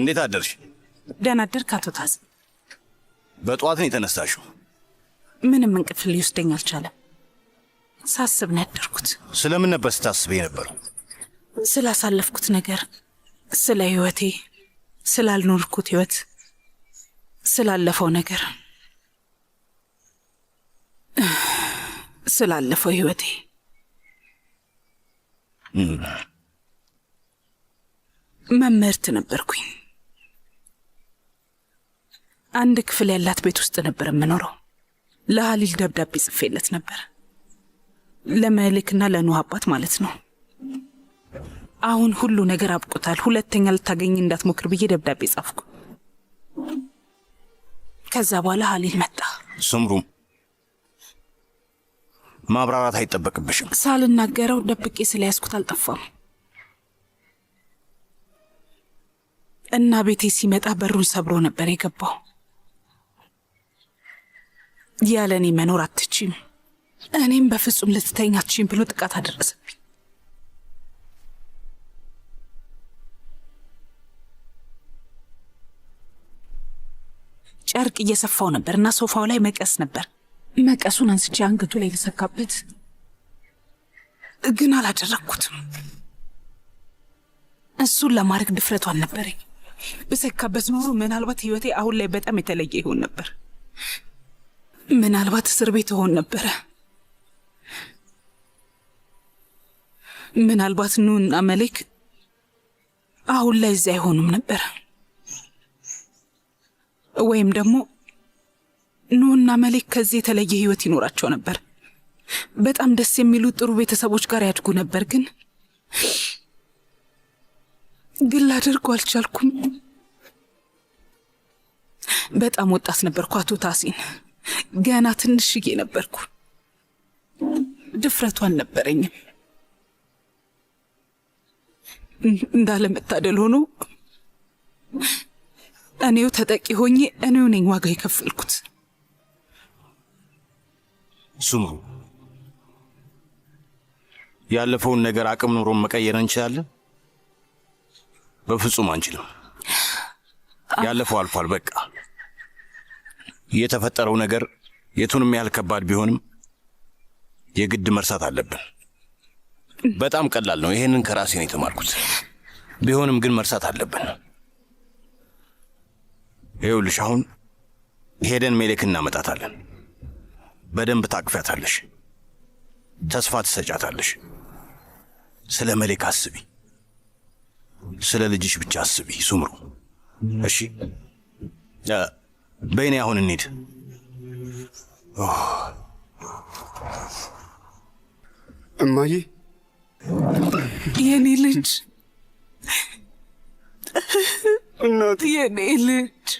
እንዴት አደርሽ? ደህና አደርክ አቶ ታዝ። ነው የተነሳሽው? ምንም እንቅልፍ ሊወስደኝ አልቻለም። ሳስብ ነው ያደርኩት። ስለምን ነበር ስታስብ የነበረው? ስላሳለፍኩት ነገር፣ ስለ ህይወቴ፣ ስላልኖርኩት ህይወት፣ ስላለፈው ነገር፣ ስላለፈው ህይወቴ። መምህርት ነበርኩኝ። አንድ ክፍል ያላት ቤት ውስጥ ነበር የምኖረው። ለሀሊል ደብዳቤ ጽፌለት ነበር፣ ለመልክና ለኑህ አባት ማለት ነው። አሁን ሁሉ ነገር አብቆታል፣ ሁለተኛ ልታገኝ እንዳትሞክር ብዬ ደብዳቤ ጻፍኩ። ከዛ በኋላ ሀሊል መጣ። ስምሩም ማብራራት አይጠበቅብሽም። ሳልናገረው ደብቄ ስለያዝኩት አልጠፋም እና ቤቴ ሲመጣ በሩን ሰብሮ ነበር የገባው። ያለ እኔ መኖር አትችም፣ እኔም በፍጹም ልትተኝ አትችም ብሎ ጥቃት አደረሰብኝ። ጨርቅ እየሰፋው ነበር እና ሶፋው ላይ መቀስ ነበር። መቀሱን አንስቼ አንገቱ ላይ የተሰካበት ግን አላደረግኩትም። እሱን ለማድረግ ድፍረቱ አልነበረኝ። ብሰካበት ኖሮ ምናልባት ህይወቴ አሁን ላይ በጣም የተለየ ይሆን ነበር። ምናልባት እስር ቤት እሆን ነበረ። ምናልባት ኑና መሌክ አሁን ላይ እዚያ አይሆኑም ነበረ። ወይም ደግሞ ኑና መሌክ ከዚህ የተለየ ህይወት ይኖራቸው ነበር። በጣም ደስ የሚሉ ጥሩ ቤተሰቦች ጋር ያድጉ ነበር። ግን ግን ላደርጉ አልቻልኩም። በጣም ወጣት ነበርኩ አቶ ታሲን ገና ትንሽዬ ነበርኩ። ድፍረቱ አልነበረኝም። እንዳለመታደል ሆኖ እኔው ተጠቂ ሆኜ እኔው ነኝ ዋጋ የከፈልኩት። ስሙ፣ ያለፈውን ነገር አቅም ኑሮ መቀየር እንችላለን? በፍጹም አንችልም። ያለፈው አልፏል፣ በቃ የተፈጠረው ነገር የቱንም ያህል ከባድ ቢሆንም የግድ መርሳት አለብን። በጣም ቀላል ነው። ይሄንን ከራሴ ነው የተማርኩት። ቢሆንም ግን መርሳት አለብን። ይኸውልሽ አሁን ሄደን ሜሌክ እናመጣታለን። በደንብ ታቅፊያታለሽ፣ ተስፋ ትሰጫታለሽ። ስለ መሌክ አስቢ፣ ስለ ልጅሽ ብቻ አስቢ ሱምሩ። እሺ በይኔ አሁን እንሂድ። እማዬ የኔ ልጅ እናት፣ የኔ ልጅ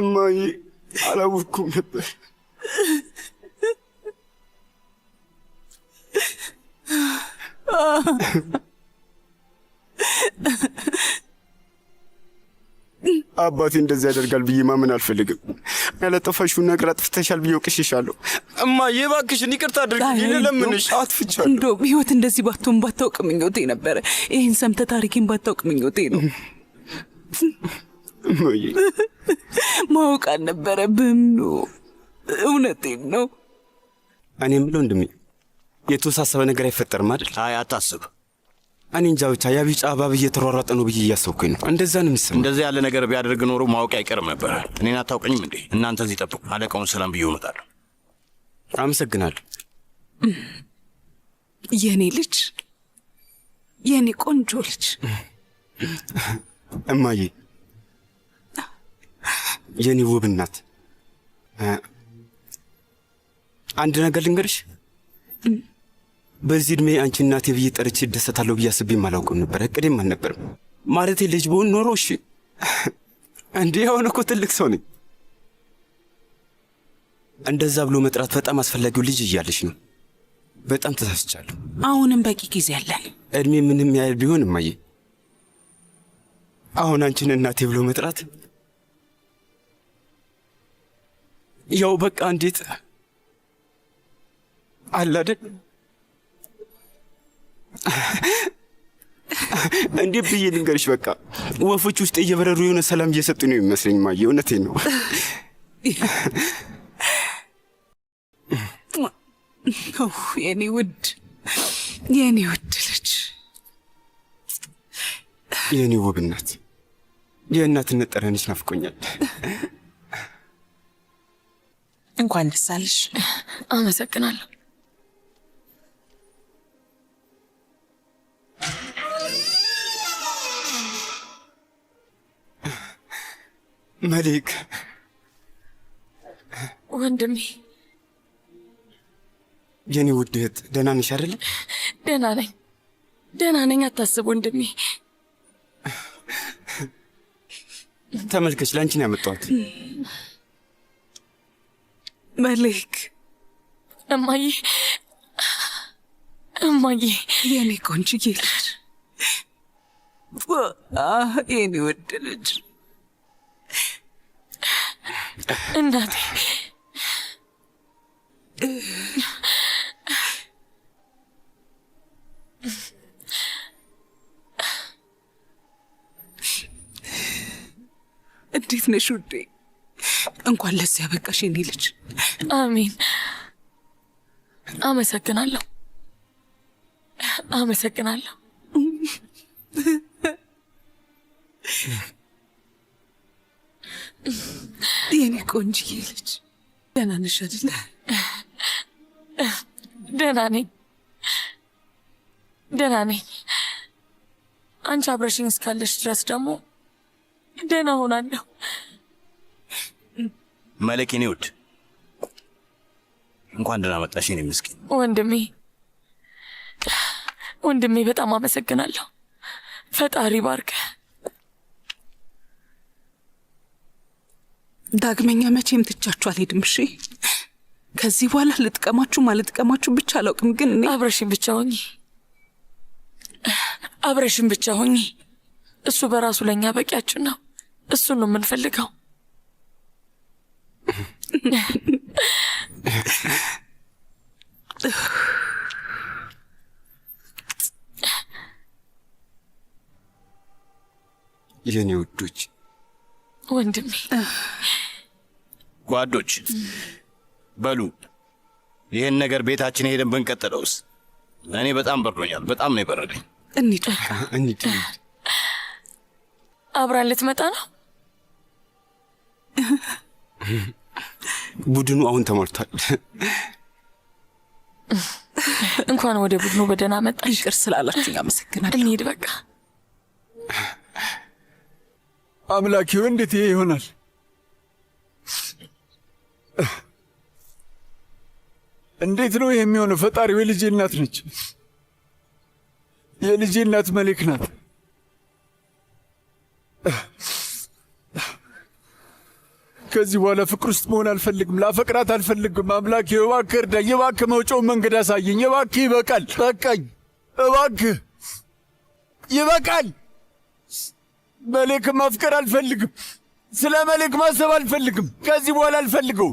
እማዬ፣ አላወኩም ነበር። አባቴ እንደዚህ ያደርጋል ብዬ ማመን አልፈልግም። ያላጠፋሽውን ነገር አጥፍተሻል ብዬ ወቅሽሻለሁ። እማዬ እባክሽን ይቅርታ አድርግ ልለምንሽ። አጥፍቻለሁ። እንደውም ህይወት እንደዚህ ባትሆን ባታውቅ ምኞቴ ነበረ። ይህን ሰምተህ ታሪኬን ባታውቅ ምኞቴ ነው። ማወቅ አልነበረብህም። ነው እውነቴን ነው። እኔ የምለው ወንድሜ የተወሳሰበ ነገር አይፈጠርም አይደል? አይ አታስብ። እኔ እንጃ ብቻ ያ ቢጫ እባብ እየተሯሯጠ ነው ብዬ እያሰብኩኝ ነው። እንደዛ ንምስ እንደዚህ ያለ ነገር ቢያደርግ ኖሮ ማወቅ አይቀርም ነበር። እኔን አታውቀኝም እንዴ? እናንተ እዚህ ጠብቁ፣ አለቃውን ሰላም ብዬ እመጣለሁ። አመሰግናለሁ። የእኔ ልጅ፣ የእኔ ቆንጆ ልጅ። እማዬ፣ የእኔ ውብ እናት፣ አንድ ነገር ልንገርሽ በዚህ እድሜ አንቺ እናቴ ብዬ ጠርቼ ደሰታለሁ ብዬ አስቤም አላውቅም ነበር። አልነበርም። ማለቴ ልጅ በሆን ኖሮ እሺ። እንዴ የሆነ እኮ ትልቅ ሰው ነኝ። እንደዛ ብሎ መጥራት በጣም አስፈላጊው ልጅ እያለች ነው። በጣም ተሳስቻለሁ። አሁንም በቂ ጊዜ አለን። እድሜ ምንም ያህል ቢሆን እማዬ፣ አሁን አንቺን እናቴ ብሎ መጥራት ያው በቃ እንዴት አላደግ እንዴት ብዬ ልንገርሽ? በቃ ወፎች ውስጥ እየበረሩ የሆነ ሰላም እየሰጡ ነው የሚመስለኝ። ማየ፣ እውነቴ ነው። የኔ ውድ የኔ ውድ ልጅ የኔ ውብነት፣ የእናትነት ጠረንሽ ናፍቆኛል። እንኳን ደስ አለሽ። አመሰግናለሁ። መሊክ ወንድሜ፣ የኔ ውድ እህት ደህና ነሽ አይደለም? ደህና ነኝ፣ ደህና ነኝ። አታስብ ወንድሜ። ተመልከች፣ ለአንቺ ነው ያመጣኋት። መሊክ፣ እማዬ፣ እማዬ፣ የኔ ቆንጆ ልጅ፣ የኔ ውድ ልጅ እናቴ እንዴት ነሽ ውዴ? እንኳን ለዚህ ያበቃሽ የኔ ልጅ። አሜን። አመሰግናለሁ፣ አመሰግናለሁ። የኔ ቆንጅዬ ልጅ ደህና ነሽ አይደለ? ደህና ነኝ፣ ደህና ነኝ። አንቺ አብረሽኝ እስካለሽ ድረስ ደግሞ ደህና ሆናለሁ። መለክ የኔ ውድ እንኳን ደህና መጣሽ የኔ ምስኪን ወንድሜ። ወንድሜ በጣም አመሰግናለሁ። ፈጣሪ ባርከ ዳግመኛ መቼም ትቻችሁ አልሄድም። እሺ፣ ከዚህ በኋላ ልጥቀማችሁ ማልጥቀማችሁ ብቻ አላውቅም፣ ግን እኔ አብረሽን ብቻ ሆኚ አብረሽን ብቻ ሆኚ። እሱ በራሱ ለእኛ በቂያችን ነው። እሱን ነው የምንፈልገው። የኔ ውዶች ወንድሜ። ጓዶች በሉ ይህን ነገር ቤታችን ሄደን ብንቀጥለውስ? እኔ በጣም በርዶኛል። በጣም ነው የበረደኝ። እንሂድ እንሂድ። አብራን ልትመጣ ነው። ቡድኑ አሁን ተሞልቷል። እንኳን ወደ ቡድኑ በደህና መጣ። ይቅር ስላላችሁ ያመሰግናል። እንሂድ በቃ አምላኪ እንዴት ይሄ ይሆናል? እንዴት ነው ይህ የሚሆነው? ፈጣሪው ወይ እናት ነች። የልጄ እናት መሌክ ናት። ከዚህ በኋላ ፍቅር ውስጥ መሆን አልፈልግም። ላፈቅራት አልፈልግም። አምላክ እባክህ እርዳኝ። እባክህ መውጫውን መንገድ አሳየኝ። እባክህ ይበቃል። በቃኝ። እባክህ ይበቃል። መልክ ማፍቀር አልፈልግም። ስለ መልክ ማሰብ አልፈልግም። ከዚህ በኋላ አልፈልገው።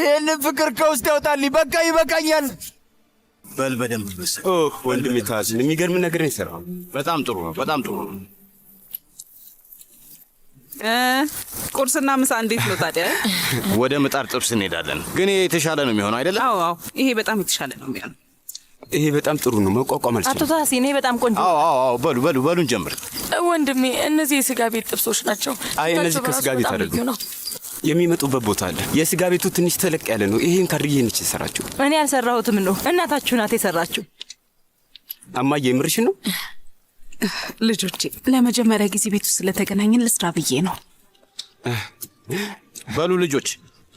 ይህንን ፍቅር ከውስጥ ያውጣልኝ። በቃ ይበቃኛል። በል በደንብ ወንድም የታዝን የሚገርም ነገር ይሰራ። በጣም ጥሩ ነው። በጣም ጥሩ ነው። ቁርስና ምሳ እንዴት ነው ታዲያ? ወደ ምጣድ ጥብስ እንሄዳለን። ግን የተሻለ ነው የሚሆነው አይደለም? አዎ፣ አዎ። ይሄ በጣም የተሻለ ነው የሚሆነው ይሄ በጣም ጥሩ ነው። መቋቋም አልችልም። አቶ ታሴ እኔ በጣም ቆንጆ። አዎ አዎ፣ በሉ በሉ በሉን ጀምር። ወንድሜ እነዚህ የስጋ ቤት ጥብሶች ናቸው። አይ እነዚህ ከስጋ ቤት አይደሉም። የሚመጡበት ቦታ አለ። የስጋ ቤቱ ትንሽ ተለቅ ያለ ነው። ይሄን ካርዬ ነች የሰራችሁ? እኔ አልሰራሁትም ነው እናታችሁ ናት የሰራችሁ። አማዬ የምርሽ ነው? ልጆቼ ለመጀመሪያ ጊዜ ቤቱ ስለተገናኘን ልስራ ብዬ ነው። በሉ ልጆች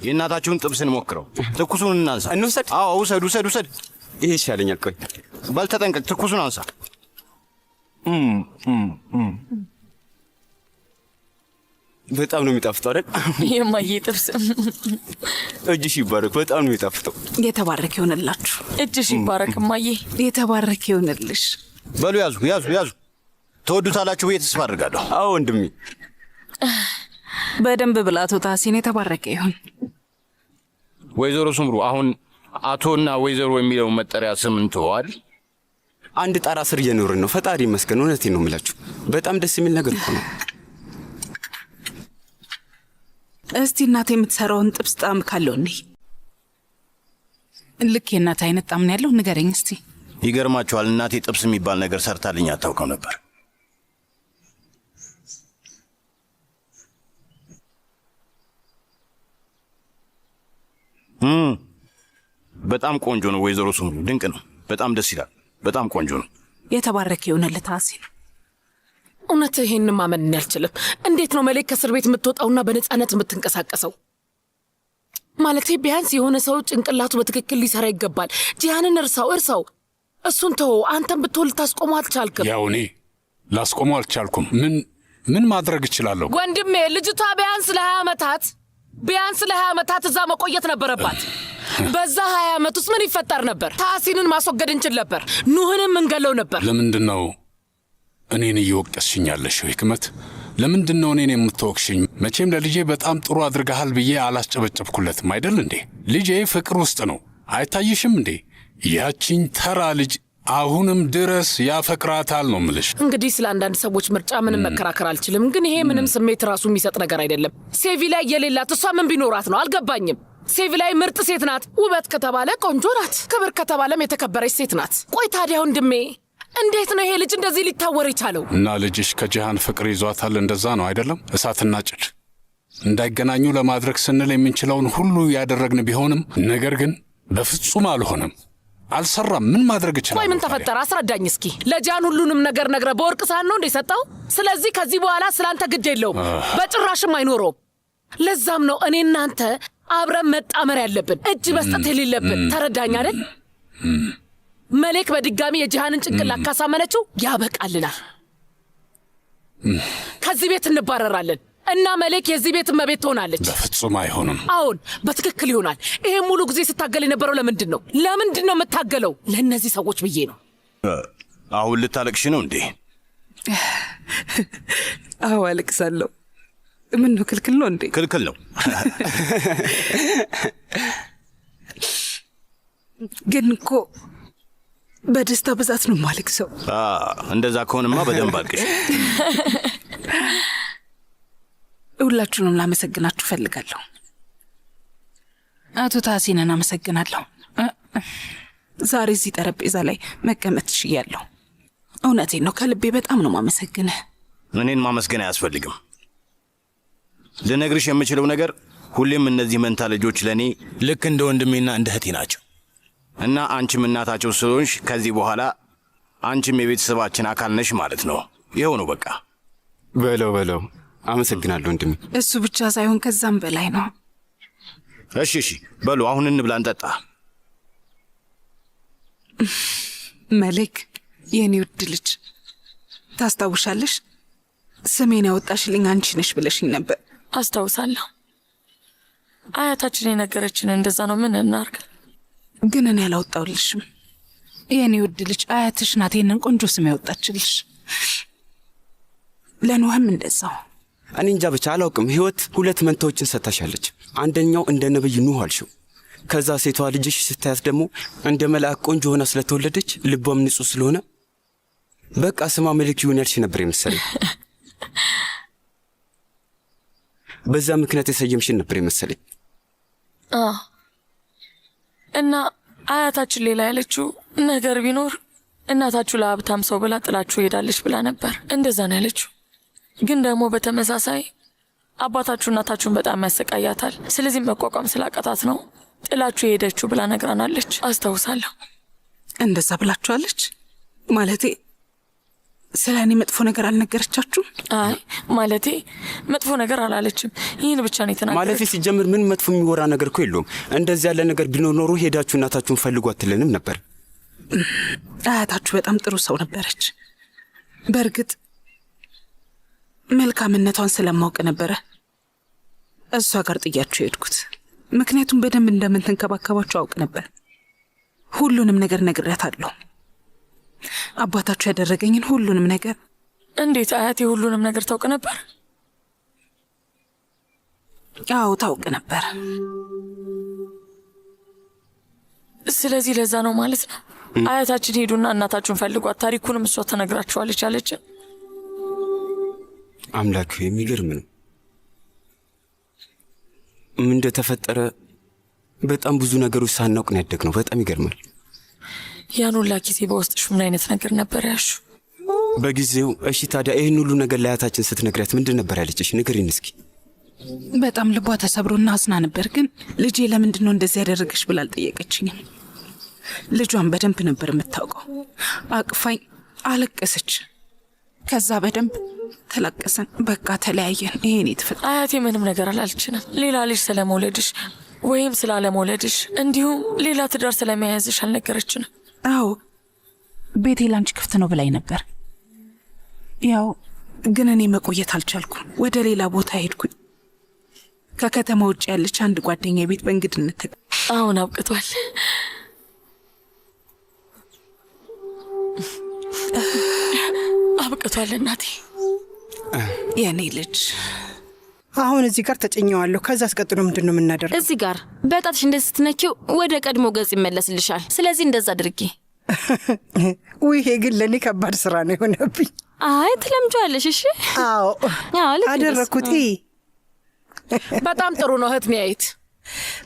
የእናታችሁን ጥብስን ሞክረው። ትኩሱን እናንሳ። እንውሰድ። አዎ ውሰድ፣ ውሰድ፣ ውሰድ ይሄ ይሻለኛል። ቆይ በል ተጠንቀቅ። ትኩሱን አንሳ። በጣም ነው የሚጣፍጠው አይደል? የማዬ ጥብስ እጅሽ ይባረክ። በጣም ነው የሚጣፍጠው። የተባረክ ይሆንላችሁ። እጅሽ ይባረክ እማዬ። የተባረክ ይሆንልሽ። በሉ ያዙ፣ ያዙ፣ ያዙ። ተወዱታላችሁ ብዬ ተስፋ አድርጋለሁ። አዎ ወንድሜ በደንብ ብላ። አቶ ታሲን የተባረከ ይሁን። ወይዘሮ ስምሩ አሁን አቶና ወይዘሮ የሚለው መጠሪያ ስም እንትዋል አንድ ጣራ ስር እየኖርን ነው። ፈጣሪ ይመስገን። እውነቴ ነው የምላችሁ፣ በጣም ደስ የሚል ነገር እኮ ነው። እስቲ እናት የምትሰራውን ጥብስ ጣዕም ካለው እንይ። ልክ የእናት አይነት ጣምን ነው ያለው። ንገረኝ እስቲ። ይገርማችኋል፣ እናቴ ጥብስ የሚባል ነገር ሰርታልኝ አታውቀው ነበር። በጣም ቆንጆ ነው ወይዘሮ ስሙኝ፣ ድንቅ ነው። በጣም ደስ ይላል። በጣም ቆንጆ ነው። የተባረከ የሆነልህ አሲር፣ እውነት ይህን ማመን አልችልም። እንዴት ነው መሌክ ከእስር ቤት የምትወጣውና በነፃነት የምትንቀሳቀሰው? ማለቴ ቢያንስ የሆነ ሰው ጭንቅላቱ በትክክል ሊሰራ ይገባል። ጂሃንን እርሳው፣ እርሳው፣ እሱን ተወው። አንተን ብትሆን ልታስቆሙ አልቻልክም። ያው እኔ ላስቆሙ አልቻልኩም። ምን ምን ማድረግ እችላለሁ? ወንድሜ ልጅቷ ቢያንስ ለሀያ ዓመታት ቢያንስ ለሀያ ዓመታት እዛ መቆየት ነበረባት። በዛ ሀያ ዓመት ውስጥ ምን ይፈጠር ነበር? ታሲንን ማስወገድ እንችል ነበር። ኑህንም እንገለው ነበር። ለምንድን ነው እኔን እየወቀስሽኝ ያለሽው? ህክመት፣ ለምንድን ነው እኔን የምትወቅሽኝ? መቼም ለልጄ በጣም ጥሩ አድርገሃል ብዬ አላስጨበጨብኩለትም አይደል እንዴ? ልጄ ፍቅር ውስጥ ነው። አይታይሽም እንዴ? ያቺኝ ተራ ልጅ አሁንም ድረስ ያፈቅራታል ነው ምልሽ። እንግዲህ ስለ አንዳንድ ሰዎች ምርጫ ምንም መከራከር አልችልም፣ ግን ይሄ ምንም ስሜት ራሱ የሚሰጥ ነገር አይደለም። ሴቪ ላይ የሌላት እሷ ምን ቢኖራት ነው? አልገባኝም። ሴቪ ላይ ምርጥ ሴት ናት። ውበት ከተባለ ቆንጆ ናት። ክብር ከተባለም የተከበረች ሴት ናት። ቆይ ታዲያ ወንድሜ እንዴት ነው ይሄ ልጅ እንደዚህ ሊታወር የቻለው? እና ልጅሽ ከጂሃን ፍቅር ይዟታል። እንደዛ ነው አይደለም? እሳትና ጭድ እንዳይገናኙ ለማድረግ ስንል የምንችለውን ሁሉ ያደረግን ቢሆንም ነገር ግን በፍጹም አልሆነም፣ አልሰራም። ምን ማድረግ ይችላል? ወይ ምን ተፈጠረ? አስረዳኝ እስኪ። ለጂሃን ሁሉንም ነገር ነግረ በወርቅ ሳህን ነው እንደሰጠው? ስለዚህ ከዚህ በኋላ ስላንተ ግድ የለውም፣ በጭራሽም አይኖረውም። ለዛም ነው እኔ እናንተ አብረን መጣመር ያለብን፣ እጅ መስጠት የሌለብን። ተረዳኝ አይደል? መሌክ በድጋሚ የጂሃንን ጭንቅላት ካሳመነችው ያበቃልናል። ከዚህ ቤት እንባረራለን እና መሌክ የዚህ ቤት መቤት ትሆናለች። በፍጹም አይሆንም። አሁን በትክክል ይሆናል። ይሄን ሙሉ ጊዜ ስታገል የነበረው ለምንድን ነው? ለምንድን ነው የምታገለው? ለእነዚህ ሰዎች ብዬ ነው። አሁን ልታለቅሽ ነው እንዴ? አዎ አለቅሳለሁ። ምን ነው ክልክል ነው እንዴ? ክልክል ነው። ግን እኮ በደስታ ብዛት ነው ማለክ ሰው። እንደዛ ከሆንማ በደንብ አልቅሽ። ሁላችሁንም ላመሰግናችሁ ፈልጋለሁ። አቶ ታሲንን አመሰግናለሁ። ዛሬ እዚህ ጠረጴዛ ላይ መቀመጥ ሽያለሁ እውነቴን ነው፣ ከልቤ በጣም ነው ማመሰግንህ። እኔን ማመስገን አያስፈልግም። ልነግርሽ የምችለው ነገር ሁሌም እነዚህ መንታ ልጆች ለእኔ ልክ እንደ ወንድሜና እንደ እህቴ ናቸው እና አንቺም እናታቸው ስለሆንሽ ከዚህ በኋላ አንቺም የቤተሰባችን አካል ነሽ ማለት ነው። ይኸው ነው በቃ። በለው በለው። አመሰግናለሁ ወንድሜ። እሱ ብቻ ሳይሆን ከዛም በላይ ነው። እሺ እሺ፣ በሉ አሁን እንብላ፣ እንጠጣ። መልክ፣ የእኔ ውድ ልጅ ታስታውሻለሽ? ስሜን ያወጣሽልኝ አንቺ ነሽ ብለሽኝ ነበር። አስታውሳለሁ። አያታችን የነገረችን እንደዛ ነው። ምን እናርግ? ግን እኔ አላወጣውልሽም የእኔ ውድ ልጅ። አያትሽ ናት ይህንን ቆንጆ ስም ያወጣችልሽ። ለኖህም እንደዛው። እኔ እንጃ ብቻ አላውቅም። ህይወት ሁለት መንታዎችን ሰታሻለች። አንደኛው እንደ ነብይ ኑህ አልሽው። ከዛ ሴቷ ልጅሽ ስታያት ደግሞ እንደ መልአክ ቆንጆ ሆና ስለተወለደች ልቧም ንጹህ ስለሆነ በቃ ስማ መልክ ይሁን ያልሽ ነበር የመሰለኝ በዛ ምክንያት የሰየምሽን ነበር የመሰለኝ። እና አያታችን ሌላ ያለችው ነገር ቢኖር እናታችሁ ለሀብታም ሰው ብላ ጥላችሁ ሄዳለች ብላ ነበር። እንደዛ ነው ያለችው። ግን ደግሞ በተመሳሳይ አባታችሁ እናታችሁን በጣም ያሰቃያታል፣ ስለዚህ መቋቋም ስላቃታት ነው ጥላችሁ የሄደችው ብላ ነግራናለች። አስታውሳለሁ። እንደዛ ብላችኋለች ማለቴ ስለ እኔ መጥፎ ነገር አልነገረቻችሁም? አይ ማለቴ መጥፎ ነገር አላለችም። ይህን ብቻ ነው የተናገረችው። ማለቴ ሲጀምር ምን መጥፎ የሚወራ ነገር እኮ የለውም። እንደዚህ ያለ ነገር ቢኖር ኖሮ ሄዳችሁ እናታችሁን ፈልጉ አትለንም ነበር። አያታችሁ በጣም ጥሩ ሰው ነበረች። በእርግጥ መልካምነቷን ስለማውቅ ነበረ እሷ ጋር ጥያችሁ የሄድኩት። ምክንያቱም በደንብ እንደምንትንከባከባችሁ አውቅ ነበር። ሁሉንም ነገር ነግሬያታለሁ። አባታችሁ ያደረገኝን ሁሉንም ነገር። እንዴት አያቴ ሁሉንም ነገር ታውቅ ነበር? አዎ ታውቅ ነበር። ስለዚህ ለዛ ነው ማለት ነው አያታችን ሄዱና እናታችሁን ፈልጓት፣ ታሪኩንም እሷ ተነግራችኋለች አለችን። አምላክ የሚገርም ነው። ምን እንደተፈጠረ በጣም ብዙ ነገሮች ሳናውቅ ነው ያደግነው። በጣም ይገርማል። ያን ሁላ ጊዜ በውስጥሽ ምን አይነት ነገር ነበር ያሹ? በጊዜው እሺ። ታዲያ ይህን ሁሉ ነገር ለአያታችን ስትነግሪያት ምንድን ነበር ያለችሽ? ንገሪን እስኪ። በጣም ልቧ እና አዝና ነበር። ግን ልጄ ለምንድን ነው እንደዚህ ያደረገሽ ብላ አልጠየቀችኝም። ልጇን በደንብ ነበር የምታውቀው። አቅፋኝ አለቀሰች። ከዛ በደንብ ተላቀሰን፣ በቃ ተለያየን። ይሄን ትፈል አያቴ ምንም ነገር አላልችንም። ሌላ ልጅ ስለመውለድሽ ወይም ስላለመውለድሽ እንዲሁም ሌላ ትዳር ስለመያዝሽ አልነገረችንም። አዎ ቤቴ ላንች ክፍት ነው ብላኝ ነበር። ያው ግን እኔ መቆየት አልቻልኩም፣ ወደ ሌላ ቦታ ሄድኩኝ። ከከተማ ውጭ ያለች አንድ ጓደኛ ቤት በእንግድነት አሁን አብቅቷል። አብቅቷል እናቴ የኔ ልጅ አሁን እዚህ ጋር ተጨኘዋለሁ። ከዛ አስቀጥሎ ምንድን ነው የምናደርገው? እዚህ ጋር በጣትሽ እንደዚህ ስትነኪው ወደ ቀድሞ ገጽ ይመለስልሻል። ስለዚህ እንደዛ አድርጊ። ውይ ግን ለእኔ ከባድ ስራ ነው የሆነብኝ። አይ ትለምጃለሽ። እሺ፣ አዎ፣ አደረግኩት። በጣም ጥሩ ነው እህት ሚያየት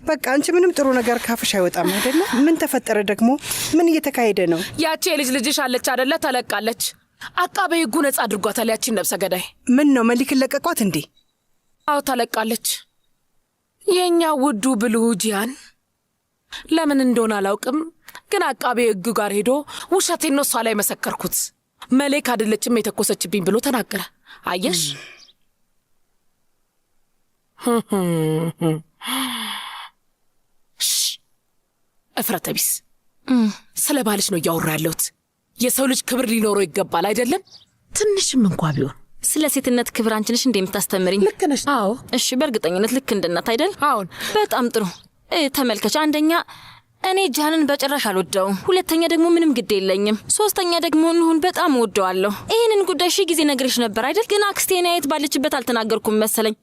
በቃ አንቺ ምንም ጥሩ ነገር ካፍሽ አይወጣም አይደለ? ምን ተፈጠረ ደግሞ? ምን እየተካሄደ ነው? ያቺ የልጅ ልጅሽ አለች አደለ ተለቃለች። አቃቤ ሕጉ ነጻ አድርጓታል። ያቺን ነብሰ ገዳይ ምን ነው መሊክን ለቀቋት እንዴ? አዎ ታለቃለች። የእኛ ውዱ ብሉ ጂያን ለምን እንደሆነ አላውቅም፣ ግን አቃቤ ህግ ጋር ሄዶ ውሸቴን ነው እሷ ላይ መሰከርኩት፣ መሌክ አይደለችም የተኮሰችብኝ ብሎ ተናገረ። አየሽ እፍረተ ቢስ ስለ ባልሽ ነው እያወራ ያለሁት። የሰው ልጅ ክብር ሊኖረው ይገባል አይደለም? ትንሽም እንኳ ቢሆን ስለ ሴትነት ክብር አንቺ ነሽ እንዴ የምታስተምሪኝ? ልክ ነሽ። አዎ፣ እሺ፣ በእርግጠኝነት ልክ እንድናት አይደል? አዎን። በጣም ጥሩ ተመልከች። አንደኛ እኔ ጃንን በጭራሽ አልወደውም። ሁለተኛ ደግሞ ምንም ግድ የለኝም። ሶስተኛ ደግሞ እንሁን በጣም እወደዋለሁ። ይህንን ጉዳይ ሺ ጊዜ ነግሬሽ ነበር አይደል? ግን አክስቴን አየት ባለችበት አልተናገርኩም መሰለኝ።